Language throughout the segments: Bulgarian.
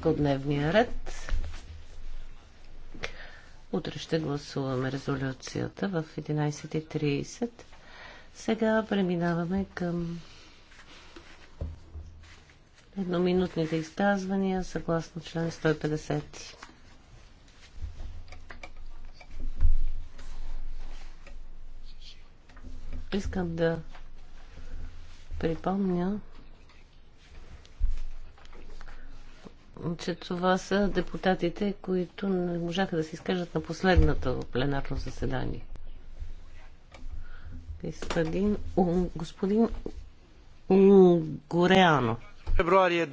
точка от дневния ред. Утре ще гласуваме резолюцията в 11.30. Сега преминаваме към едноминутните изказвания съгласно член 150. Искам да припомня, че това са депутатите, които не можаха да се изкажат на последната пленарно заседание. Господин, господин Гореано. Е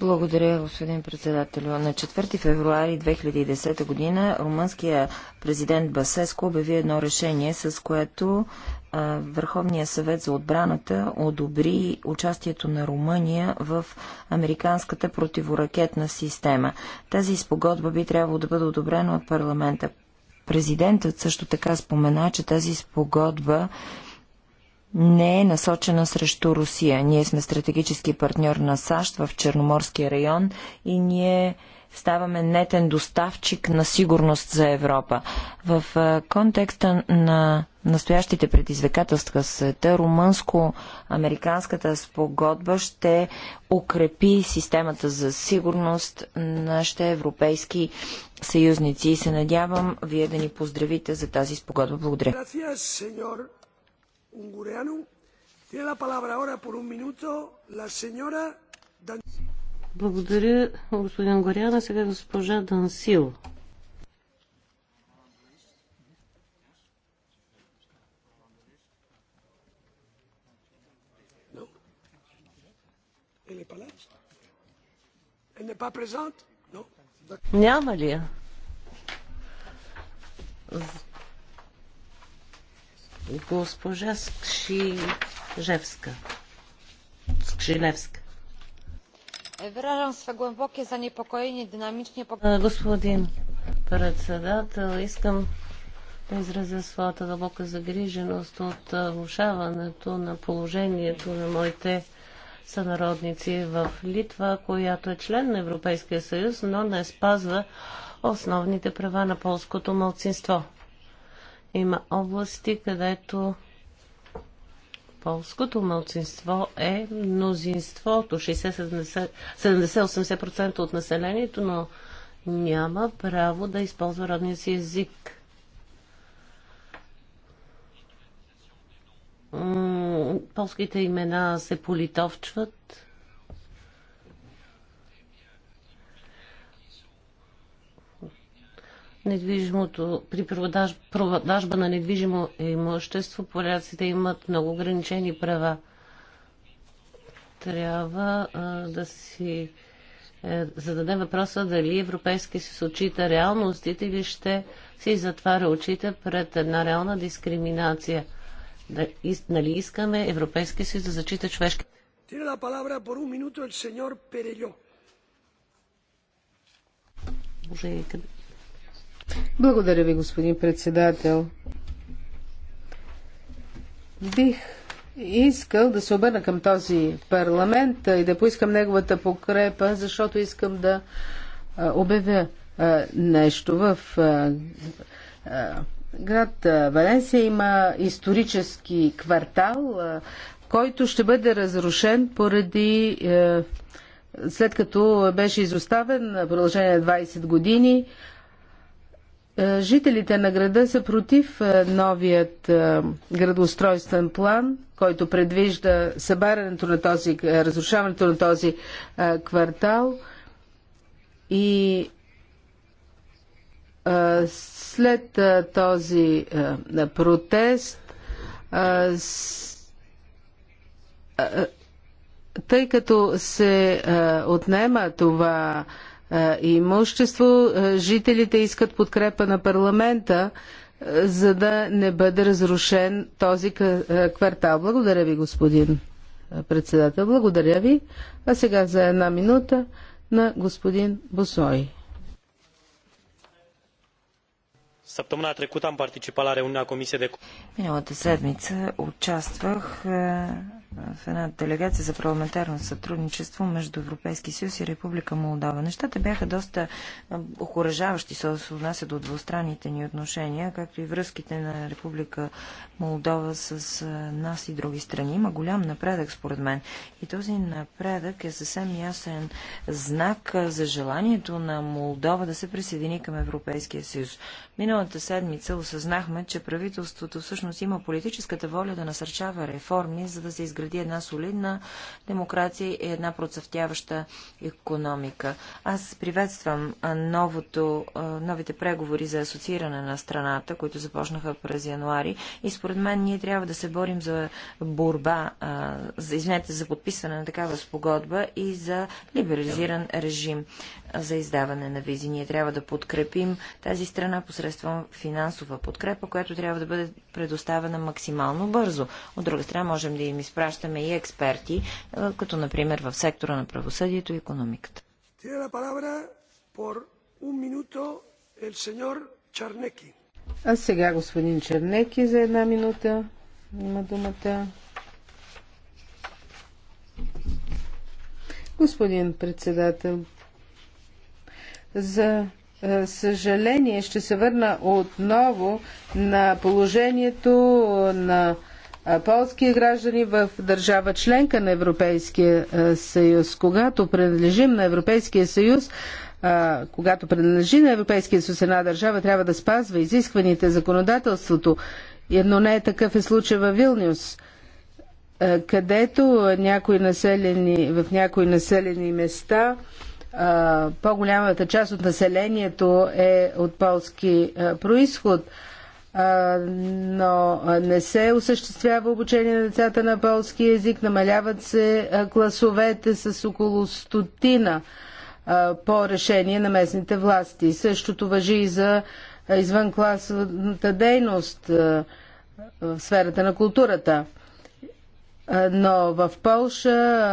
Благодаря, господин председател. На 4 февруари 2010 година румънския президент Басеско обяви едно решение, с което Върховния съвет за отбраната одобри участието на Румъния в американската противоракетна система. Тази изпогодба би трябвало да бъде одобрена от парламента. Президентът също така спомена, че тази спогодба не е насочена срещу Русия. Ние сме стратегически партньор на САЩ в Черноморския район и ние ставаме нетен доставчик на сигурност за Европа. В е, контекста на настоящите предизвикателства в света, румънско-американската спогодба ще укрепи системата за сигурност на нашите европейски съюзници и се надявам вие да ни поздравите за тази спогодба. Благодаря ungureanu. Tiene la palabra ahora por un minuto la señora Dan... Благодаря, господин Горяна. Сега госпожа Дансил. Няма ли я? госпожа Скшижевска. Скшилевска. Wyrażam swe głębokie zaniepokojenie dynamicznie... Господин председател, искам да изразя своята дълбока загриженост от влушаването на положението на моите сънародници в Литва, която е член на Европейския съюз, но не спазва основните права на полското мълцинство. Има области, където полското мълцинство е мнозинството, 60-70-80% от населението, но няма право да използва родния си език. Полските имена се политовчват. недвижимото, при продаж, продажба на недвижимо имущество поляците имат много ограничени права. Трябва а, да си е, зададе въпроса дали Европейски се очита реалностите или ще си затваря очите пред една реална дискриминация. Да, и, нали искаме Европейски си да зачита човешки. Tiene la palabra por сеньор Перельо. el señor къде? Благодаря ви, господин председател. Бих искал да се обърна към този парламент и да поискам неговата покрепа, защото искам да обявя нещо. В град Валенсия има исторически квартал, който ще бъде разрушен поради след като беше изоставен на продължение на 20 години е, жителите на града са против е, новият е, градоустройствен план, който предвижда събарянето на този, разрушаването на този квартал и след този протест тъй като се отнема това имущество. Жителите искат подкрепа на парламента, за да не бъде разрушен този квартал. Благодаря ви, господин председател. Благодаря ви. А сега за една минута на господин Босой. Săptămâna trecută am participat la reuniunea Comisiei de... Миналата седмица участвах в една делегация за парламентарно сътрудничество между Европейски съюз и Република Молдова. Нещата бяха доста охоръжаващи, се отнася до двустранните ни отношения, както и връзките на Република Молдова с нас и други страни. Има голям напредък, според мен. И този напредък е съвсем ясен знак за желанието на Молдова да се присъедини към Европейския съюз. Миналата седмица осъзнахме, че правителството всъщност има политическата воля да насърчава реформи, за да се изгради изгради една солидна демокрация и една процъфтяваща економика. Аз приветствам новото, новите преговори за асоцииране на страната, които започнаха през януари и според мен ние трябва да се борим за борба, извинете, за подписване на такава спогодба и за либерализиран режим за издаване на визи. Ние трябва да подкрепим тази страна посредством финансова подкрепа, която трябва да бъде предоставена максимално бързо. От друга страна, можем да им изпращаме и експерти, е, като например в сектора на правосъдието и економиката. А сега господин Чернеки за една минута има думата. Господин председател, за е, съжаление ще се върна отново на положението на е, полския граждани в държава членка на Европейския е, съюз. Когато принадлежим на Европейския съюз, когато принадлежи на Европейския съюз една държава, трябва да спазва изискваните законодателството. Едно не е такъв е случай във Вилнюс, където някои населени, в някои населени места по-голямата част от населението е от полски происход, но не се осъществява обучение на децата на полски язик, намаляват се класовете с около стотина по решение на местните власти. Същото въжи и за извънкласната дейност в сферата на културата. Но в Полша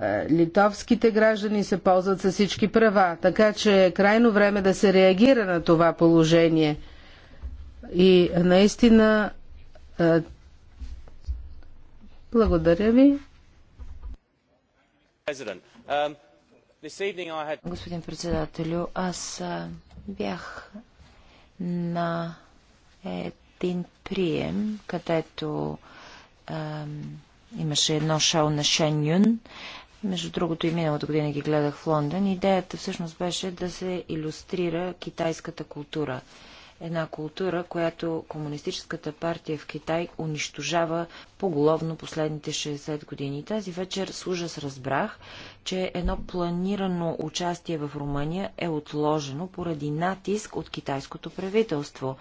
е, литовските граждани се ползват с всички права. Така че е крайно време да се реагира на това положение. И наистина е, благодаря ви. Um, Господин председателю, аз бях на един прием, където Имаше едно шоу на Шен Юн. Между другото и миналата година ги гледах в Лондон. Идеята всъщност беше да се иллюстрира китайската култура една култура, която Комунистическата партия в Китай унищожава поголовно последните 60 години. Тази вечер с ужас разбрах, че едно планирано участие в Румъния е отложено поради натиск от китайското правителство.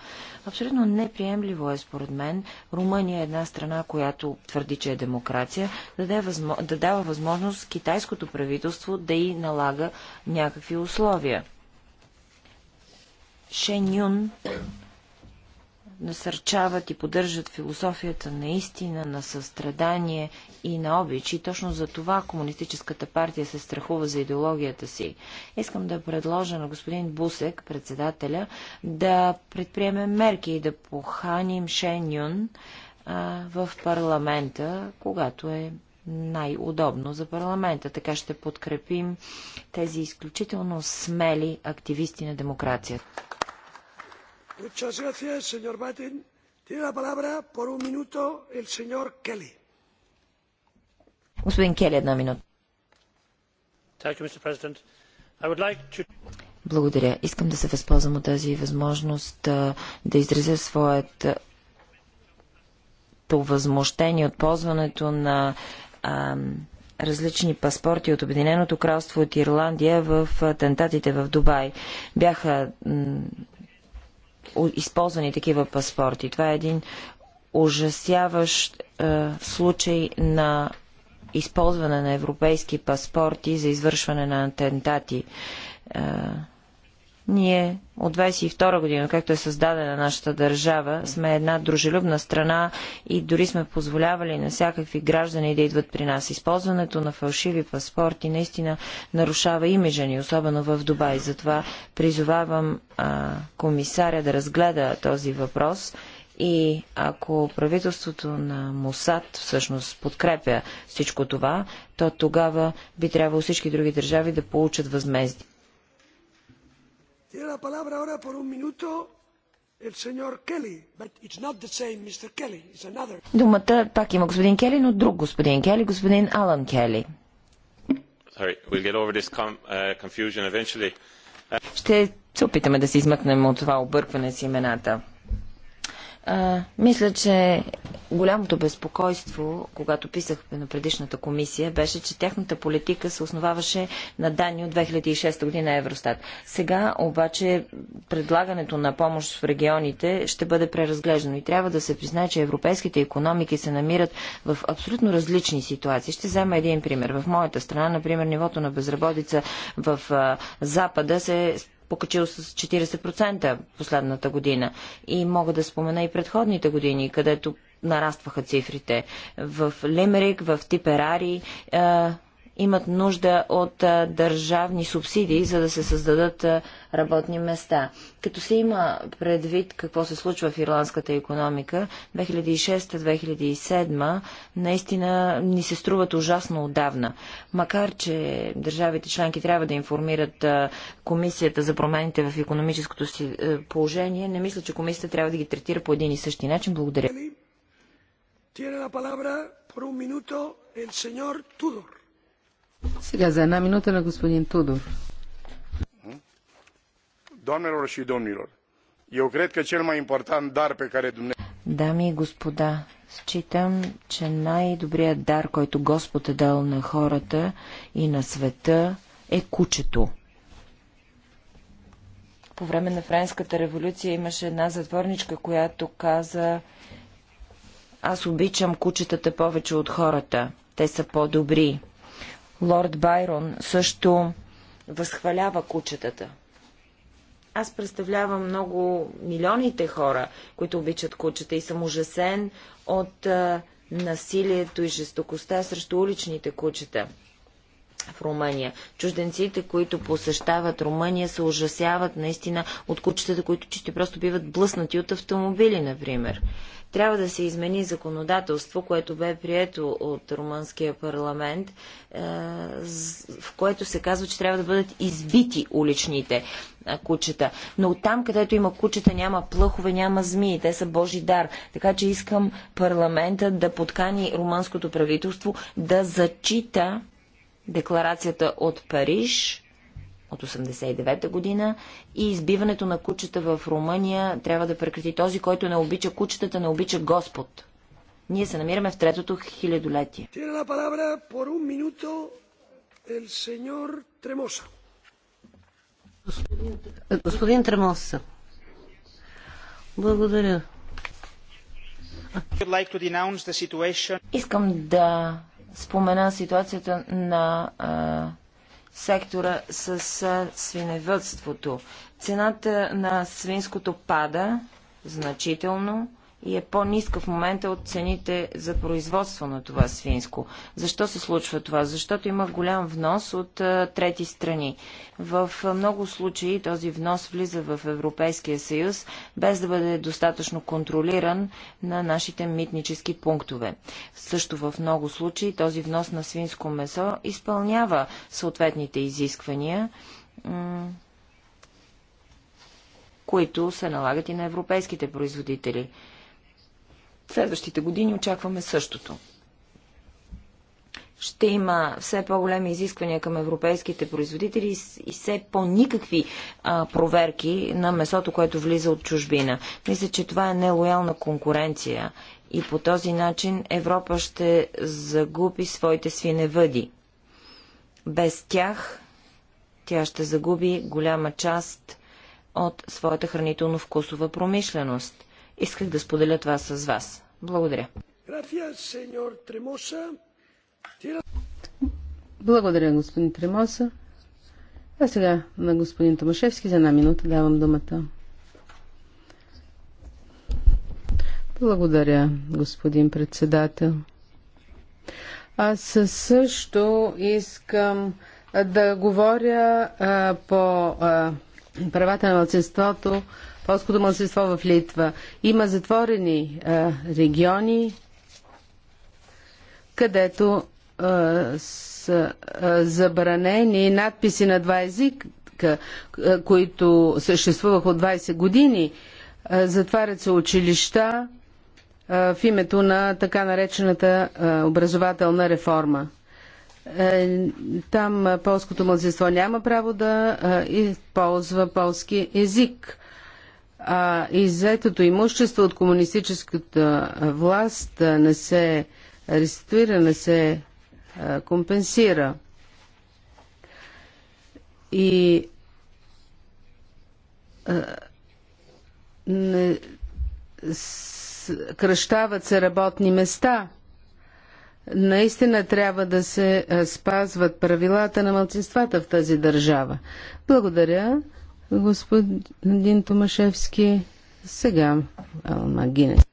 Абсолютно неприемливо е според мен Румъния е една страна, която твърди, че е демокрация, да, даде възмо... да дава възможност китайското правителство да й налага някакви условия. Шен Юн насърчават и поддържат философията наистина на състрадание и на обич. И точно за това Комунистическата партия се страхува за идеологията си. Искам да предложа на господин Бусек, председателя, да предприеме мерки и да поханим Шен Юн а, в парламента, когато е най-удобно за парламента. Така ще подкрепим тези изключително смели активисти на демокрацията. Благодаря. Искам да се възползвам от тази възможност да изразя своето възмущение от ползването на различни паспорти от Обединеното кралство от Ирландия в атентатите в Дубай. Бяха използвани такива паспорти. Това е един ужасяващ е, случай на използване на европейски паспорти за извършване на атентати. Е, ние от 22 година, както е създадена нашата държава, сме една дружелюбна страна и дори сме позволявали на всякакви граждани да идват при нас. Използването на фалшиви паспорти наистина нарушава имиджа ни, особено в Дубай. Затова призовавам а, комисаря да разгледа този въпрос и ако правителството на Мосад всъщност подкрепя всичко това, то тогава би трябвало всички други държави да получат възмездие tiene la palabra ahora por un minuto el señor Kelly, but it's not the same Mr. Kelly, it's another. Думата пак има господин Кели, но друг господин Кели, господин Алан Кели. Sorry, we'll get over this com, uh, confusion eventually. Ще се опитаме да се измъкнем от това объркване с имената. А, мисля, че голямото безпокойство, когато писах на предишната комисия, беше, че тяхната политика се основаваше на данни от 2006 година Евростат. Сега обаче предлагането на помощ в регионите ще бъде преразглеждано и трябва да се признае, че европейските економики се намират в абсолютно различни ситуации. Ще взема един пример. В моята страна, например, нивото на безработица в Запада се покачил с 40% последната година. И мога да спомена и предходните години, където нарастваха цифрите. В Лимерик, в Типерари, имат нужда от а, държавни субсидии, за да се създадат а, работни места. Като се има предвид какво се случва в ирландската економика, 2006-2007 наистина ни се струват ужасно отдавна. Макар, че държавите членки трябва да информират а, комисията за промените в економическото си положение, не мисля, че комисията трябва да ги третира по един и същи начин. Благодаря. Тиена на палабра, по минуто, minuto el сега за една минута на господин Тудор. Doamnelor și domnilor, eu cred că cel mai important dar pe care Dumnezeu... Дами и господа, считам, че най-добрият дар, който Господ е дал на хората и на света, е кучето. По време на Френската революция имаше една затворничка, която каза Аз обичам кучетата повече от хората. Те са по-добри. Лорд Байрон също възхвалява кучетата. Аз представлявам много милионите хора, които обичат кучета и съм ужасен от а, насилието и жестокостта срещу уличните кучета в Румъния. Чужденците, които посещават Румъния, се ужасяват наистина от кучетата, които чисто просто биват блъснати от автомобили, например. Трябва да се измени законодателство, което бе прието от румънския парламент, е, в което се казва, че трябва да бъдат избити уличните кучета. Но там, където има кучета, няма плъхове, няма змии. Те са Божи дар. Така че искам парламента да подкани румънското правителство да зачита декларацията от Париж от 89-та година и избиването на кучета в Румъния трябва да прекрати този, който не обича кучетата, не обича Господ. Ние се намираме в третото хилядолетие. Господин Тремоса, благодаря. Искам да спомена ситуацията на а, сектора с а, свиневътството. Цената на свинското пада значително и е по-ниска в момента от цените за производство на това свинско. Защо се случва това? Защото има голям внос от а, трети страни. В а, много случаи този внос влиза в Европейския съюз, без да бъде достатъчно контролиран на нашите митнически пунктове. Също в много случаи този внос на свинско месо изпълнява съответните изисквания които се налагат и на европейските производители. Следващите години очакваме същото. Ще има все по-големи изисквания към европейските производители и все по-никакви проверки на месото, което влиза от чужбина. Мисля, че това е нелоялна конкуренция и по този начин Европа ще загуби своите свиневъди. Без тях тя ще загуби голяма част от своята хранително-вкусова промишленост – Исках да споделя това с вас. Благодаря. Благодаря, господин Тремоса. А сега на господин Томашевски за една минута давам думата. Благодаря, господин председател. Аз също искам да говоря а, по а, правата на младсинството полското мълсинство в Литва. Има затворени а, региони, където а, са а, забранени надписи на два езика, които съществуваха от 20 години. А, затварят се училища а, в името на така наречената а, образователна реформа. Там полското мълзинство няма право да използва полски език а иззетото имущество от комунистическата власт не се реституира, не се компенсира. И не, кръщават се работни места. Наистина трябва да се спазват правилата на мълцинствата в тази държава. Благодаря господин Томашевски. Сега Алмагинес.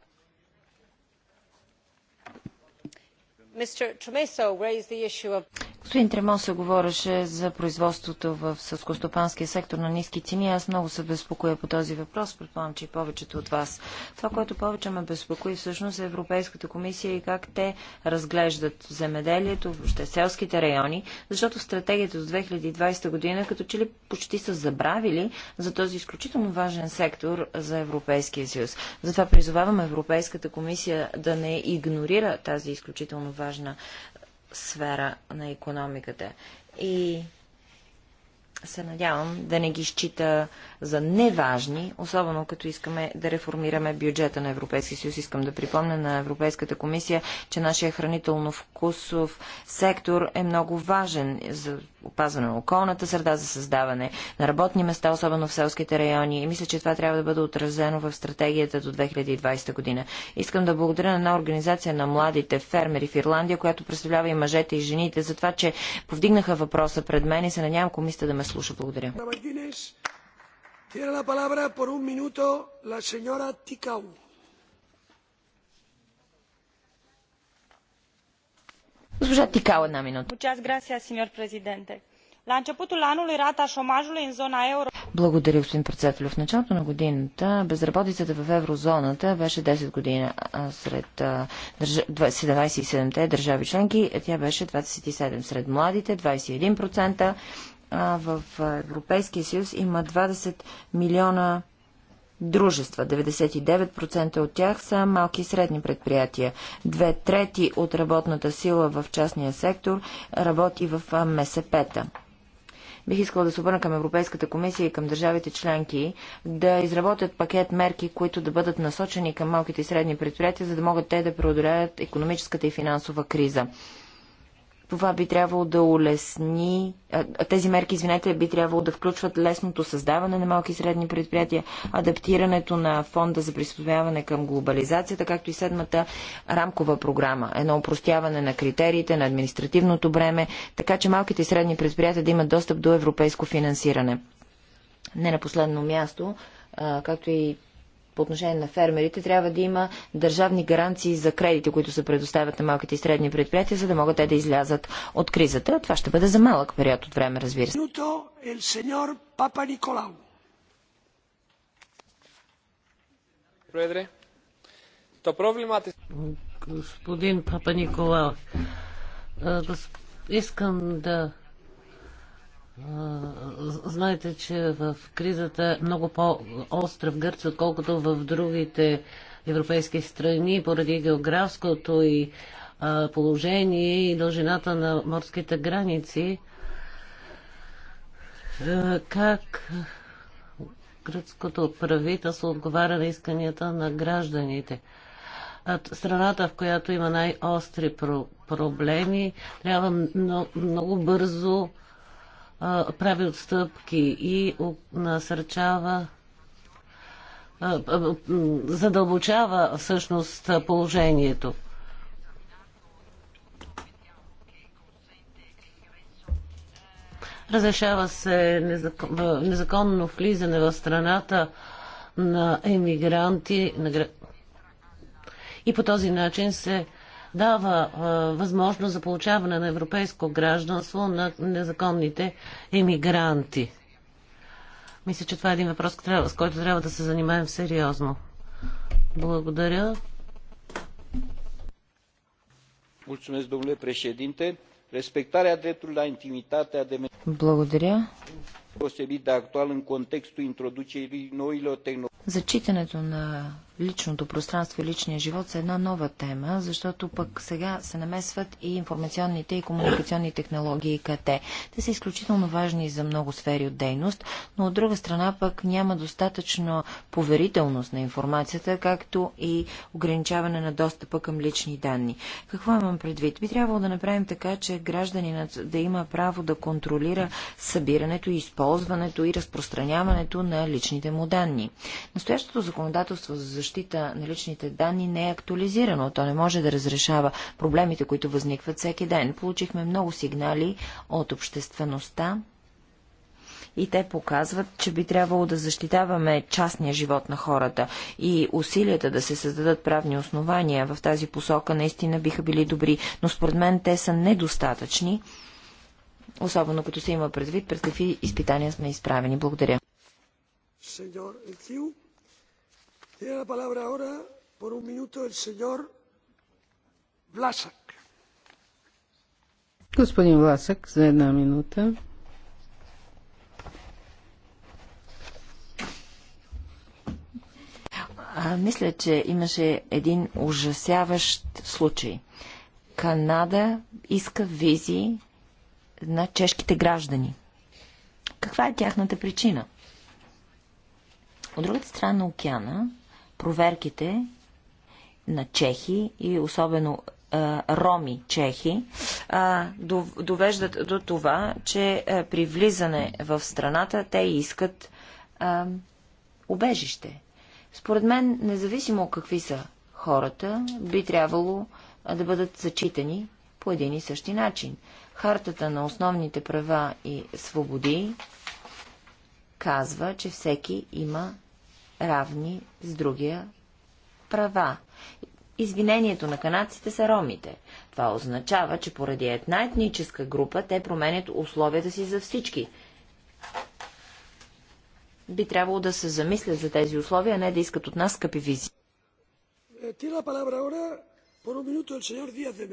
Господин Тремосо говореше за производството в селскостопанския сектор на ниски цени. Аз много се безпокоя по този въпрос. Предполагам, че и повечето от вас. Това, което повече ме безпокои всъщност е Европейската комисия и как те разглеждат земеделието, въобще селските райони, защото стратегията до 2020 година като че ли почти са забравили за този изключително важен сектор за Европейския съюз. Затова призовавам Европейската комисия да не игнорира тази изключително важна важна сфера на економиката. И се надявам да не ги счита за неважни, особено като искаме да реформираме бюджета на Европейския съюз. Искам да припомня на Европейската комисия, че нашия хранително-вкусов сектор е много важен за опазване на околната среда, за създаване на работни места, особено в селските райони. И мисля, че това трябва да бъде отразено в стратегията до 2020 година. Искам да благодаря на една организация на младите фермери в Ирландия, която представлява и мъжете и жените, за това, че повдигнаха въпроса пред мен и се надявам комисията да ме слуша. Благодаря. Госпожа Тикал, една минута. Благодаря, господин председател. В началото на годината безработицата в еврозоната беше 10 година сред 27-те държави членки. Тя беше 27 сред младите, 21%, а, в Европейския съюз има 20 милиона дружества. 99% от тях са малки и средни предприятия. Две трети от работната сила в частния сектор работи в МСП-та. Бих искала да се обърна към Европейската комисия и към държавите членки да изработят пакет мерки, които да бъдат насочени към малките и средни предприятия, за да могат те да преодоляят економическата и финансова криза. Това би трябвало да улесни, тези мерки, извинете, би трябвало да включват лесното създаване на малки и средни предприятия, адаптирането на фонда за приспособяване към глобализацията, както и седмата рамкова програма, едно упростяване на критериите, на административното бреме, така че малките и средни предприятия да имат достъп до европейско финансиране. Не на последно място, както и по отношение на фермерите, трябва да има държавни гаранции за кредити, които се предоставят на малките и средни предприятия, за да могат те да излязат от кризата. Това ще бъде за малък период от време, разбира се. Е- Господин Папа Николаев, искам да знаете, че в кризата е много по-остра в Гърция, отколкото в другите европейски страни, поради географското и положение и дължината на морските граници. Е, как гръцкото правителство отговаря на исканията на гражданите? страната, в която има най-остри проблеми, трябва много, много бързо прави отстъпки и насърчава задълбочава всъщност положението. Разрешава се незаконно влизане в страната на емигранти и по този начин се дава а, възможност за получаване на европейско гражданство на незаконните емигранти. Мисля, че това е един въпрос, с който трябва да се занимаем сериозно. Благодаря. Mulțumesc, domnule președinte. Respectarea dreptului la Благодаря. Deosebit de actual în contextul introducerii noilor tehnologii. Зачитането на личното пространство и личния живот са една нова тема, защото пък сега се намесват и информационните и комуникационни технологии и КТ. Те са изключително важни за много сфери от дейност, но от друга страна пък няма достатъчно поверителност на информацията, както и ограничаване на достъпа към лични данни. Какво имам предвид? Би трябвало да направим така, че гражданинът да има право да контролира събирането, използването и разпространяването на личните му данни. Настоящото законодателство за защита на личните данни не е актуализирано. То не може да разрешава проблемите, които възникват всеки ден. Получихме много сигнали от обществеността и те показват, че би трябвало да защитаваме частния живот на хората и усилията да се създадат правни основания в тази посока наистина биха били добри, но според мен те са недостатъчни, особено като се има предвид пред какви изпитания сме изправени. Благодаря. Señor Господин Власък, за една минута. мисля, че имаше един ужасяващ случай. Канада иска визи на чешките граждани. Каква е тяхната причина? От другата страна на океана проверките на чехи и особено роми чехи, довеждат до това, че при влизане в страната те искат убежище. Според мен, независимо какви са хората, би трябвало да бъдат зачитани по един и същи начин. Хартата на основните права и свободи казва, че всеки има равни с другия права. Извинението на канадците са ромите. Това означава, че поради една етническа група те променят условията си за всички. Би трябвало да се замислят за тези условия, а не да искат от нас скъпи визи. Е,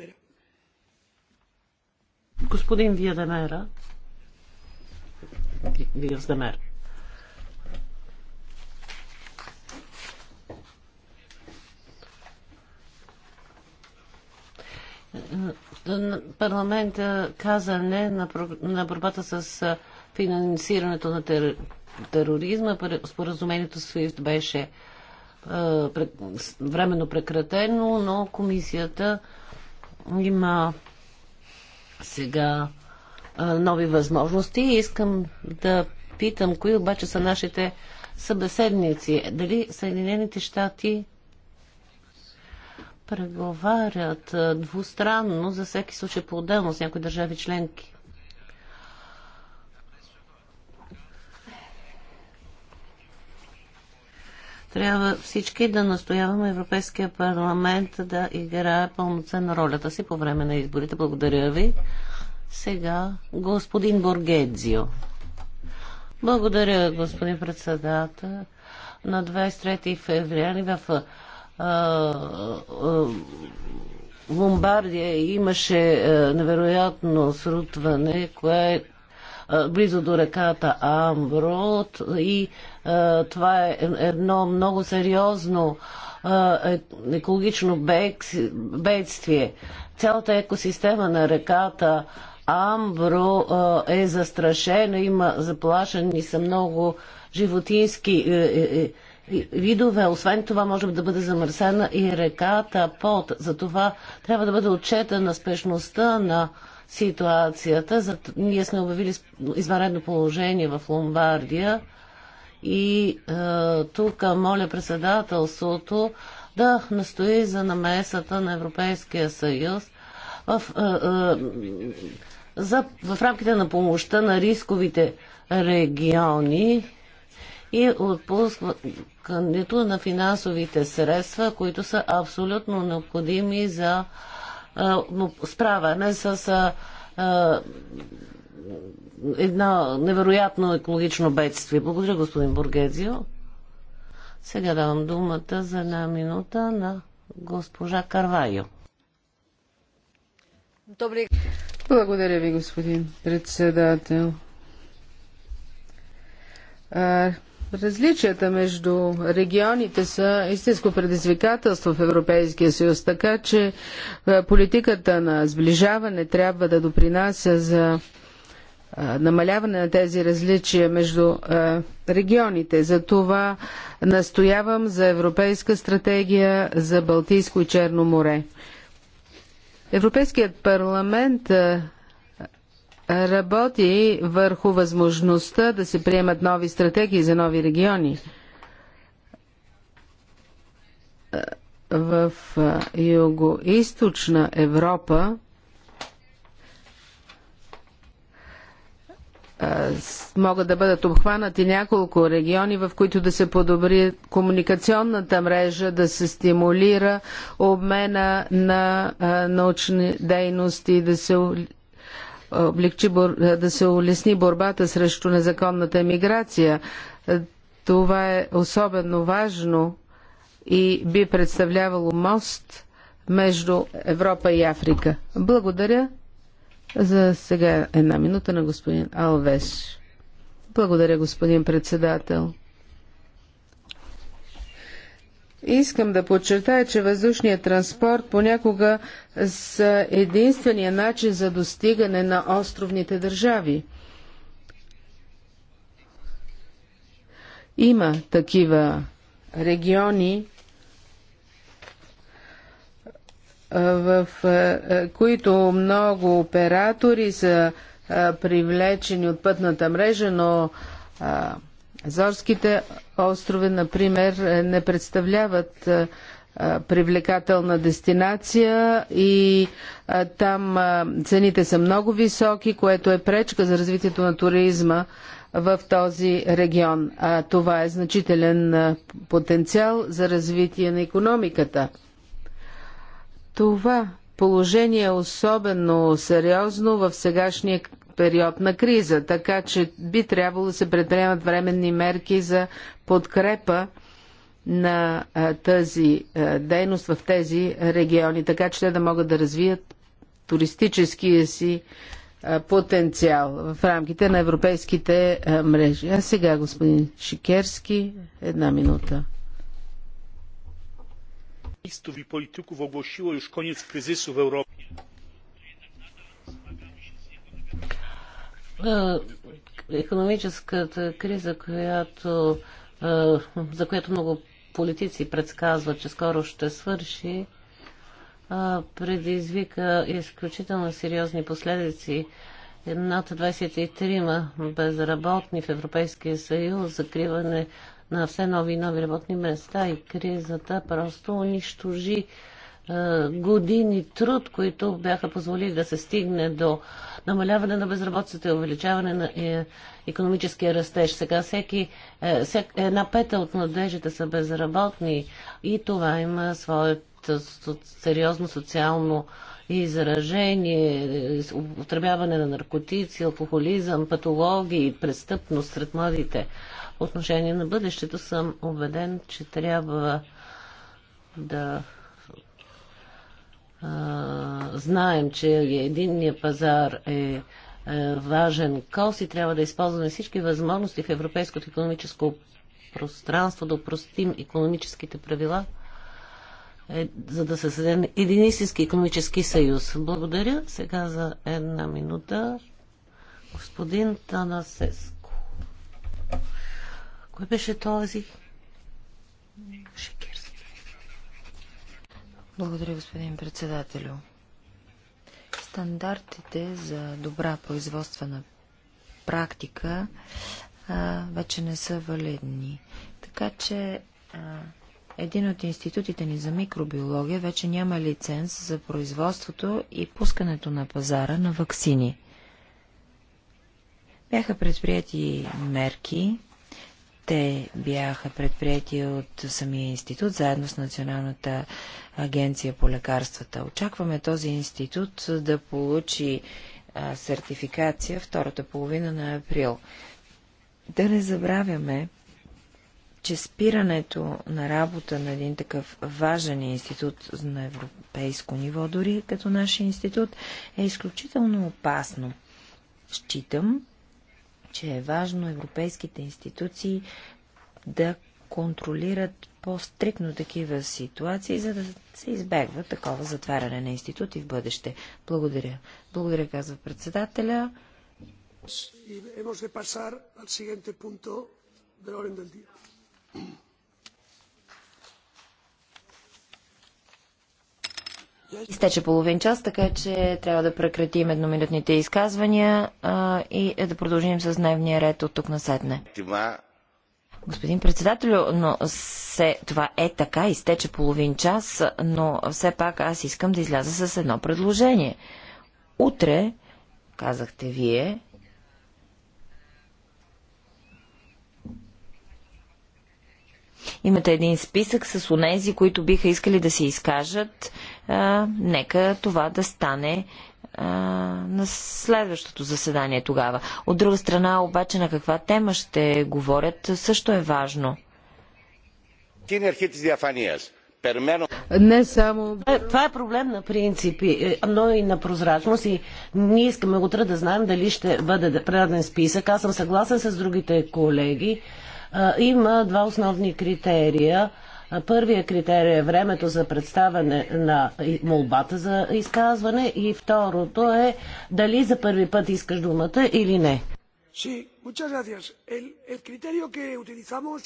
е, Господин Виадемера. Виадемера. Парламента каза не на, борбата с финансирането на тер, тероризма. Споразумението SWIFT беше е, временно прекратено, но комисията има сега е, нови възможности. Искам да питам, кои обаче са нашите събеседници. Дали Съединените щати преговарят двустранно за всеки случай по-отделно с някои държави членки. Трябва всички да настояваме Европейския парламент да играе пълноценна ролята си по време на изборите. Благодаря ви. Сега господин Боргедзио. Благодаря, господин председател. На 23 февруари в Ломбардия имаше невероятно срутване, кое е, близо до реката Амбро и това е едно много сериозно е, екологично бедствие. Цялата екосистема на реката Амбро е застрашена, има заплашени са много животински е, видове. Освен това, може да бъде замърсена и реката под. Затова трябва да бъде отчетена спешността на ситуацията. Зато ние сме обявили извънредно положение в Ломбардия и е, тук моля председателството да настои за намесата на Европейския съюз в, е, е, за, в рамките на помощта на рисковите региони и отпускането на финансовите средства, които са абсолютно необходими за справяне с едно невероятно екологично бедствие. Благодаря, господин Бургезио. Сега давам думата за една минута на госпожа Карвайо. Добре. Благодаря ви, господин председател. Различията между регионите са истинско предизвикателство в Европейския съюз, така че е, политиката на сближаване трябва да допринася за е, намаляване на тези различия между е, регионите. За това настоявам за Европейска стратегия за Балтийско и Черно море. Европейският парламент работи върху възможността да се приемат нови стратегии за нови региони. В юго-источна Европа могат да бъдат обхванати няколко региони, в които да се подобри комуникационната мрежа, да се стимулира обмена на научни дейности, да се облегчи, да се улесни борбата срещу незаконната емиграция. Това е особено важно и би представлявало мост между Европа и Африка. Благодаря за сега една минута на господин Алвеш. Благодаря, господин председател. Искам да подчертая, че въздушният транспорт понякога са единствения начин за достигане на островните държави. Има такива региони, в които много оператори са привлечени от пътната мрежа, но Азорските острови, например, е, не представляват е, е, привлекателна дестинация и там цените са много високи, което е пречка за развитието на туризма в този регион. А това е значителен потенциал за развитие на економиката. Това положение е особено сериозно в сегашния период на криза, така че би трябвало да се предприемат временни мерки за подкрепа на тази дейност в тези региони, така че те да могат да развият туристическия си потенциал в рамките на европейските мрежи. А сега, господин Шикерски, една минута. Министров и политиков огласило już koniec kryzysu w економическата криза, която, за която много политици предсказват, че скоро ще свърши, предизвика изключително сериозни последици. Над 23 безработни в Европейския съюз, закриване на все нови и нови работни места и кризата просто унищожи е, години труд, които бяха позволили да се стигне до намаляване на безработицата и увеличаване на е, економическия растеж. Сега всеки, е, всек, една пета от младежите са безработни и това има своето сериозно социално изражение, употребяване на наркотици, алкохолизъм, патологии, престъпност сред младите. По отношение на бъдещето съм убеден, че трябва да знаем, че единния пазар е, е важен кос и трябва да използваме всички възможности в европейското економическо пространство, да упростим економическите правила, е, за да се създаде един истински економически съюз. Благодаря. Сега за една минута господин Танасеско. Кой беше този? Шик. Благодаря, господин председателю. Стандартите за добра производствена практика а, вече не са валидни. Така че а, един от институтите ни за микробиология вече няма лиценз за производството и пускането на пазара на вакцини. Бяха предприяти мерки те бяха предприяти от самия институт, заедно с Националната агенция по лекарствата. Очакваме този институт да получи сертификация втората половина на април. Да не забравяме, че спирането на работа на един такъв важен институт на европейско ниво, дори като нашия институт, е изключително опасно. Считам, че е важно европейските институции да контролират по-стрикно такива ситуации, за да се избегва такова затваряне на институти в бъдеще. Благодаря. Благодаря, казва председателя. Y hemos de pasar al siguiente punto del orden del día. Изтече половин час, така че трябва да прекратим едноминутните изказвания а, и да продължим с дневния ред от тук на сетне. Господин председател, но се, това е така, изтече половин час, но все пак аз искам да изляза с едно предложение. Утре, казахте вие, Имате един списък с онези, които биха искали да се изкажат. А, нека това да стане а, на следващото заседание тогава. От друга страна, обаче, на каква тема ще говорят, също е важно. Не само. Е, това е проблем на принципи, е, но и на прозрачност. И ние искаме утре да знаем дали ще бъде предаден списък. Аз съм съгласен с другите колеги. Има два основни критерия. Първия критерий е времето за представяне на молбата за изказване и второто е дали за първи път искаш думата или не. Sí, muchas gracias. El, el criterio que utilizamos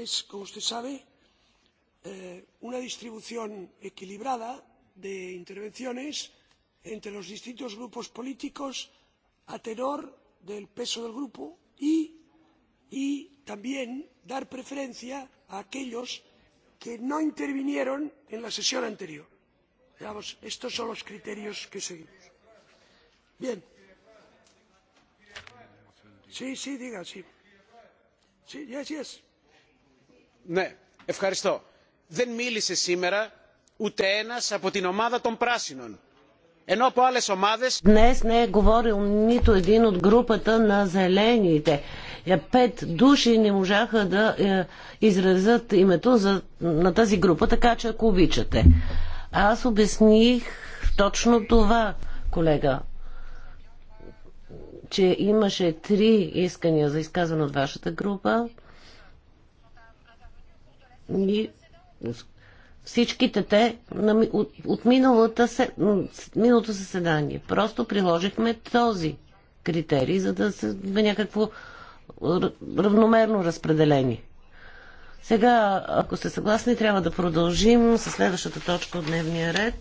es, como usted sabe, eh, una distribución equilibrada de intervenciones entre los distintos grupos políticos a tenor del peso del grupo y, y también dar preferencia a aquellos que no intervinieron en la sesión anterior. estos son los criterios que seguimos. Δεν μίλησε σήμερα ούτε ένας από την ομάδα των Πράσινων. Ενώ από άλλες ομάδες... Е, пет души не можаха да е, изразят името за, на тази група, така че ако обичате. Аз обясних точно това, колега, че имаше три искания за изказване от вашата група и всичките те от, от миналото съседание. Просто приложихме този критерий, за да се някакво равномерно разпределени. Сега, ако сте съгласни, трябва да продължим с следващата точка от дневния ред.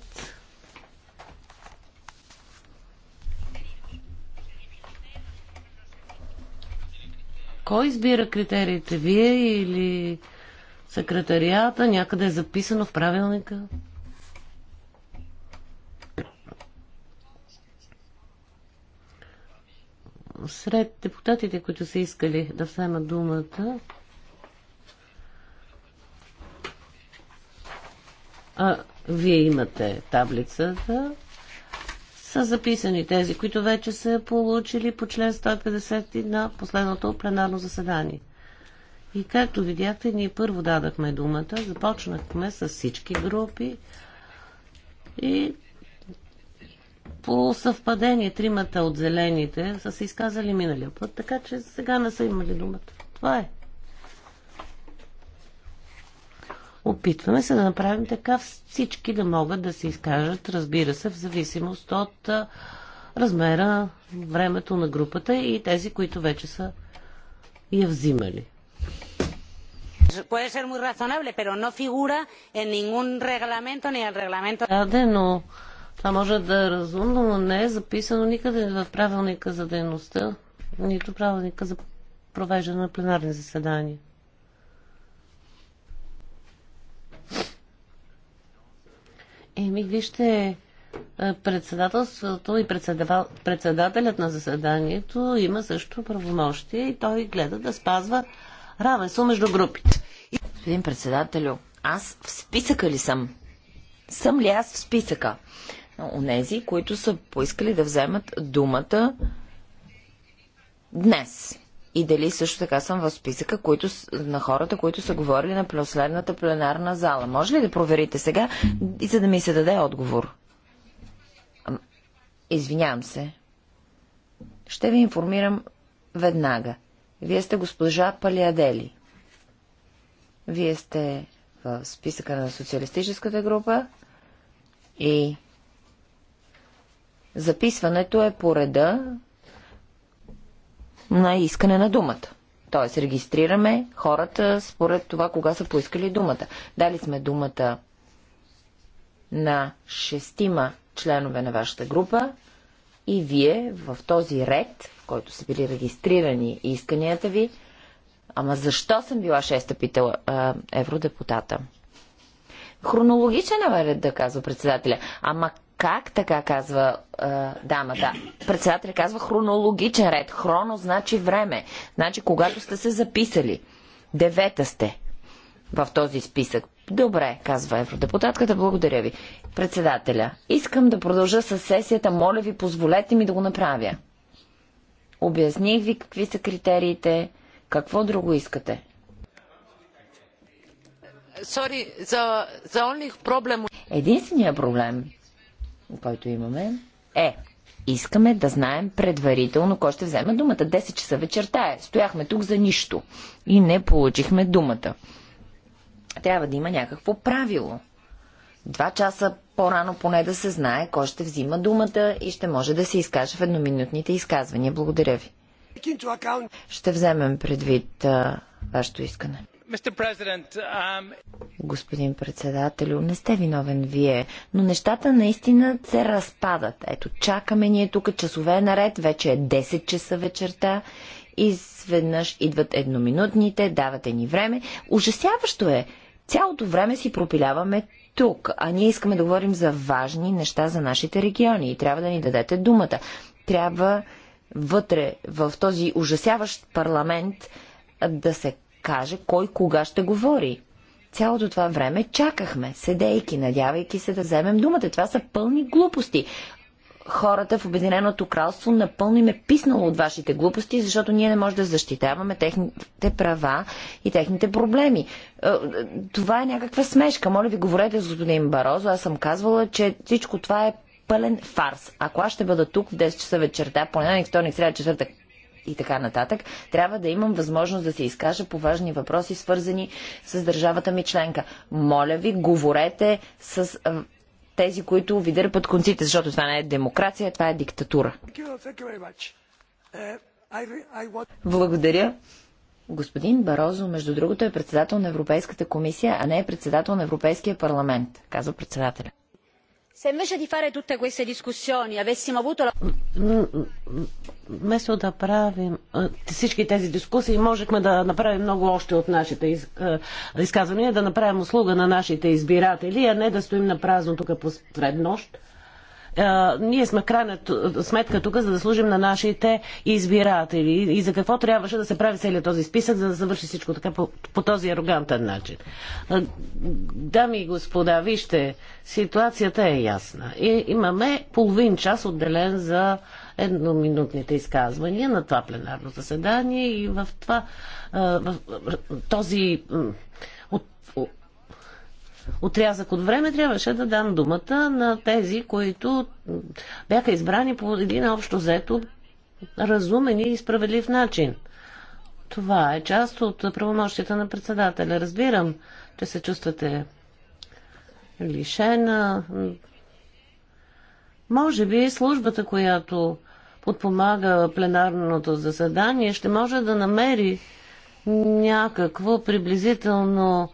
Кой избира критериите? Вие или секретарията? Някъде е записано в правилника? сред депутатите, които са искали да вземат думата, а вие имате таблицата, са записани тези, които вече са получили по член 150 на последното пленарно заседание. И както видяхте, ние първо дадахме думата, започнахме с всички групи и по съвпадение тримата от зелените са се изказали миналия път, така че сега не са имали думата. Това е. Опитваме се да направим така всички да могат да се изкажат, разбира се, в зависимост от размера, времето на групата и тези, които вече са я взимали. Puede ser muy razonable, pero no figura en ningún reglamento ni reglamento. Да, но това може да е разумно, но не е записано никъде в правилника за дейността, нито правилника за провеждане на пленарни заседания. Еми, вижте, е, председателството и председателят на заседанието има също правомощие и той гледа да спазва равенство между групите. Господин председателю, аз в списъка ли съм? Съм ли аз в списъка? онези, които са поискали да вземат думата днес. И дали също така съм в списъка които, на хората, които са говорили на последната пленарна зала. Може ли да проверите сега, и за да ми се даде отговор? Извинявам се. Ще ви информирам веднага. Вие сте госпожа Палиадели. Вие сте в списъка на социалистическата група и Записването е по реда на искане на думата. Тоест, регистрираме хората според това, кога са поискали думата. Дали сме думата на шестима членове на вашата група и вие в този ред, в който са били регистрирани исканията ви, ама защо съм била шеста, питала евродепутата. Хронологичен е ред, да казва председателя. Ама как така казва е, дамата? Председателя казва хронологичен ред. Хроно значи време. Значи когато сте се записали. Девета сте в този списък. Добре, казва евродепутатката, благодаря ви. Председателя, искам да продължа с сесията, моля ви, позволете ми да го направя. Обясних ви какви са критериите, какво друго искате. Sorry, the, the only problem... Единственият проблем който имаме, е искаме да знаем предварително кой ще вземе думата. 10 часа вечерта е. Стояхме тук за нищо и не получихме думата. Трябва да има някакво правило. Два часа по-рано поне да се знае кой ще взима думата и ще може да се изкаже в едноминутните изказвания. Благодаря ви. Ще вземем предвид а, вашето искане. Um, Господин председател, не сте виновен вие, но нещата наистина се разпадат. Ето, чакаме ние тук часове наред, вече е 10 часа вечерта. Изведнъж идват едноминутните, давате ни време. Ужасяващо е. Цялото време си пропиляваме тук, а ние искаме да говорим за важни неща за нашите региони и трябва да ни дадете думата. Трябва вътре в този ужасяващ парламент да се каже кой кога ще говори. Цялото това време чакахме, седейки, надявайки се да вземем думата. Това са пълни глупости. Хората в Обединеното кралство напълно им е писнало от вашите глупости, защото ние не можем да защитаваме техните права и техните проблеми. Е, това е някаква смешка. Моля ви, говорете с господин Барозо. Аз съм казвала, че всичко това е пълен фарс. Ако аз ще бъда тук в 10 часа вечерта, понеделник, вторник, сряда, е четвъртък, и така нататък, трябва да имам възможност да се изкажа по важни въпроси, свързани с държавата ми членка. Моля ви, говорете с тези, които ви дърпат конците, защото това не е демокрация, това е диктатура. Благодаря. Господин Барозо, между другото, е председател на Европейската комисия, а не е председател на Европейския парламент, казва председателя. Se invece di fare tutte queste discussioni avessimo avuto la... Вместо да правим всички тези дискусии, можехме да направим много още от нашите из... изказвания, да направим услуга на нашите избиратели, а не да стоим на празно тук посред нощ ние сме в крайна сметка тук, за да служим на нашите избиратели. И за какво трябваше да се прави целият този списък, за да завърши всичко така по, по този арогантен начин. дами и господа, вижте, ситуацията е ясна. И имаме половин час отделен за едноминутните изказвания на това пленарно заседание и в, това, в този отрязък от време трябваше да дам думата на тези, които бяха избрани по един общо взето разумен и справедлив начин. Това е част от правомощията на председателя. Разбирам, че се чувствате лишена. Може би службата, която подпомага пленарното заседание, ще може да намери някакво приблизително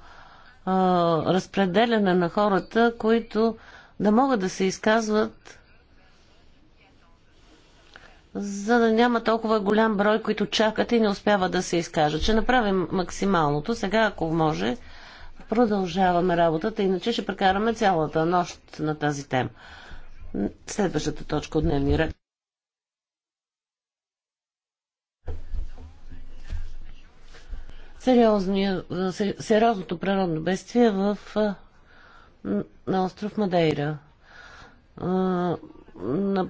разпределяне на хората, които да могат да се изказват, за да няма толкова голям брой, които чакат и не успяват да се изкажат. Ще направим максималното. Сега, ако може, продължаваме работата, иначе ще прекараме цялата нощ на тази тема. Следващата точка от дневния ред. сериозното природно бедствие в, на остров Мадейра. На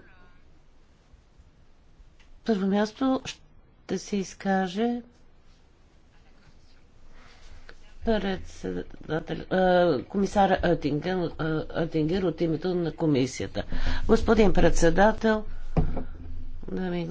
първо място ще се изкаже председател, комисар Атингер, Атингер от името на комисията. Господин председател, дами и